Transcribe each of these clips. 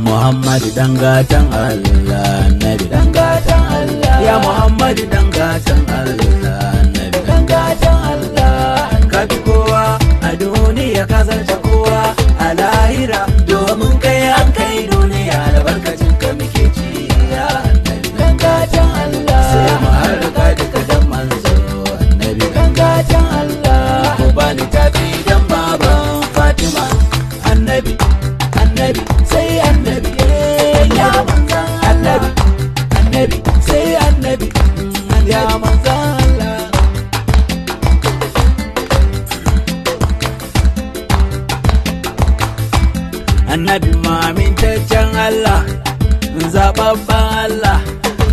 Muhammad dan gatan Allah Nabi dan gatan Allah ya Muhammad dan gatan Allah Nabi dan gatan Allah An kowa a duniya ka zarta kowa a lahira domin kai an kai duniya barkacin ka muke ci ya Nabi dan gatan Allah sai mu harka duka dan manzo Nabi dan gatan Allah ku bani tafi dan baban Fatima Annabi annabi sai annabi ya manzan annabi annabi sai annabi ya Allah annabi mamintaccen Allah zababban Allah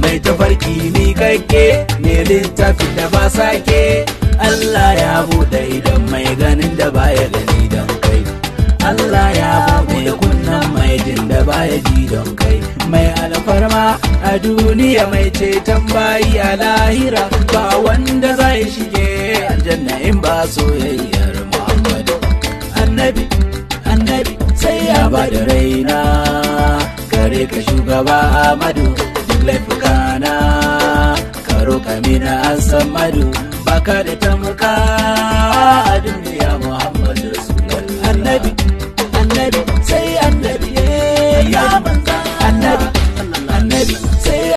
mai tafarki ni kake ne littafi da ba sake Allah ya buɗe idan mai ganin da baya gani Allah ya da kunnan mai jin da baya ji don kai mai alfarma a duniya mai ceton bayi a lahira ba wanda zai shige aljanna in ba soyayyar Muhammadu annabi annabi sai ya ba da raina kare ka shugaba Amadu duk laifuka na. karo kamina an san madu baka da tamka a duniya